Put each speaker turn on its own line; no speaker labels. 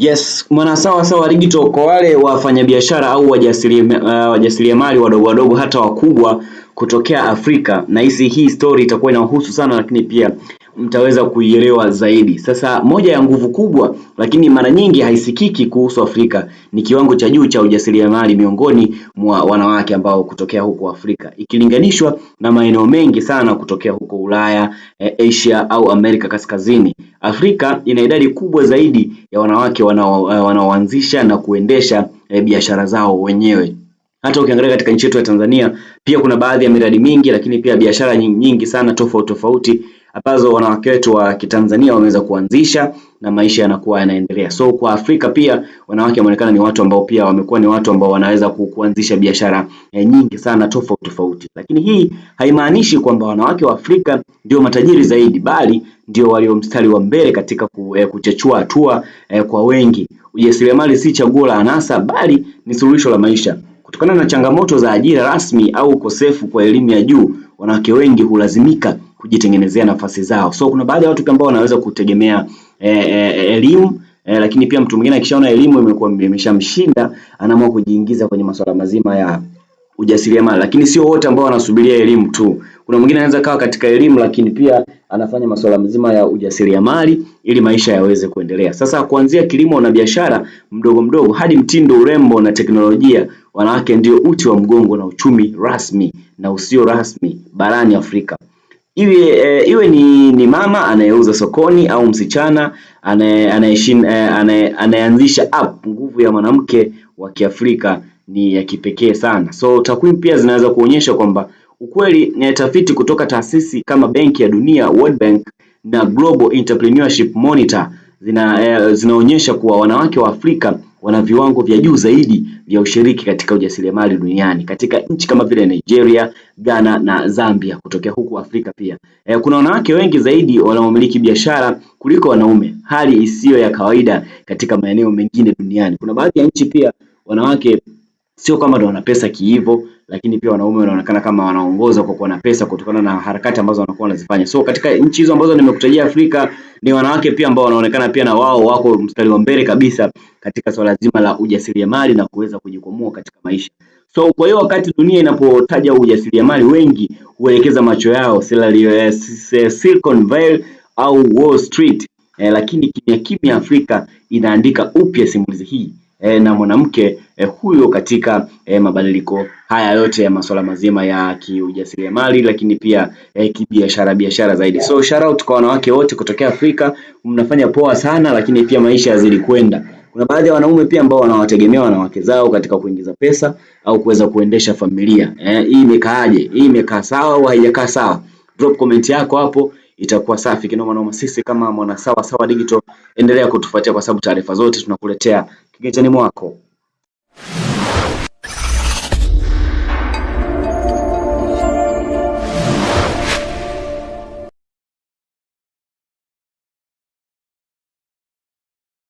Yes, sawa digital kwa wale wafanyabiashara au uh, wajasiriamali uh, wadogo wadogo hata wakubwa kutokea Afrika, na hisi hii story itakuwa inahusu sana, lakini pia mtaweza kuielewa zaidi. Sasa moja ya nguvu kubwa, lakini mara nyingi haisikiki kuhusu Afrika ni kiwango cha juu cha ujasiriamali miongoni mwa wanawake ambao kutokea huko Afrika ikilinganishwa na maeneo mengi sana kutokea huko Ulaya, e, Asia au Amerika Kaskazini. Afrika ina idadi kubwa zaidi ya wanawake e, wanaoanzisha na kuendesha e, biashara zao wenyewe. Hata ukiangalia katika nchi yetu ya Tanzania pia kuna baadhi ya miradi mingi, lakini pia biashara nyingi sana tofauti tofauti ambazo wanawake wetu wa Kitanzania wameweza kuanzisha na maisha yanakuwa yanaendelea. So kwa Afrika pia wanawake wanaonekana ni watu ambao pia wamekuwa ni watu ambao wanaweza kuanzisha biashara eh, nyingi sana tofauti tofauti, lakini hii haimaanishi kwamba wanawake wa Afrika ndio matajiri zaidi, bali ndio walio mstari wa mbele katika ku, eh, kuchechua hatua eh, kwa wengi. Ujasiriamali si chaguo la anasa, bali ni suluhisho la maisha. Kutokana na changamoto za ajira rasmi au ukosefu kwa elimu ya juu, wanawake wengi hulazimika kujitengenezea nafasi zao. So kuna baadhi ya watu pia ambao wanaweza kutegemea elimu eh, eh, eh, eh, lakini pia mtu mwingine akishaona elimu imekuwa imeshamshinda anaamua kujiingiza kwenye masuala mazima ya ujasiriamali, lakini sio wote ambao wanasubiria elimu tu. Kuna mwingine anaweza kawa katika elimu lakini pia anafanya masuala mzima ya ujasiriamali ili maisha yaweze kuendelea. Sasa kuanzia kilimo na biashara mdogo mdogo hadi mtindo, urembo na teknolojia, wanawake ndio uti wa mgongo na uchumi rasmi na usio rasmi barani Afrika iwe, eh, iwe ni, ni mama anayeuza sokoni au msichana eh, anayeanzisha app. Nguvu ya mwanamke wa Kiafrika ni ya kipekee sana. So takwimu pia zinaweza kuonyesha kwamba ukweli, tafiti kutoka taasisi kama Benki ya Dunia, World Bank na Global Entrepreneurship Monitor zina, e, zinaonyesha kuwa wanawake wa Afrika wana viwango vya juu zaidi vya ushiriki katika ujasiriamali duniani katika nchi kama vile Nigeria, Ghana na Zambia kutokea huku Afrika pia. E, kuna wanawake wengi zaidi wanaomiliki biashara kuliko wanaume, hali isiyo ya kawaida katika maeneo mengine duniani. Kuna baadhi ya nchi pia wanawake sio kama ndo wana pesa kiivo lakini pia wanaume wanaonekana kama wanaongoza kwa kuwa na pesa kutokana na harakati ambazo wanakuwa wanazifanya. So katika nchi hizo ambazo nimekutajia Afrika ni wanawake pia ambao wanaonekana pia na wao wako mstari wa mbele kabisa katika swala zima la ujasiriamali na kuweza kujikwamua katika maisha. So kwa hiyo wakati dunia inapotaja ujasiriamali, wengi huelekeza macho yao Silicon Valley au Wall Street eh, lakini kimya kimya Afrika inaandika upya simulizi hii eh, na mwanamke eh, huyo katika eh, mabadiliko haya yote ya masuala mazima ya kiujasiriamali, lakini pia eh, kibiashara biashara zaidi. So shout out kwa wanawake wote kutokea Afrika, mnafanya poa sana, lakini pia maisha yazidi kwenda. Kuna baadhi ya wanaume pia ambao wanawategemea wanawake zao katika kuingiza pesa au kuweza kuendesha familia. Eh, hii imekaaje? Hii imekaa sawa au haijakaa sawa? Drop comment yako hapo itakuwa safi kinoma noma. Sisi kama mwana sawa Sawa Digital, endelea kutufuatia kwa sababu taarifa zote tunakuletea kigejani mwako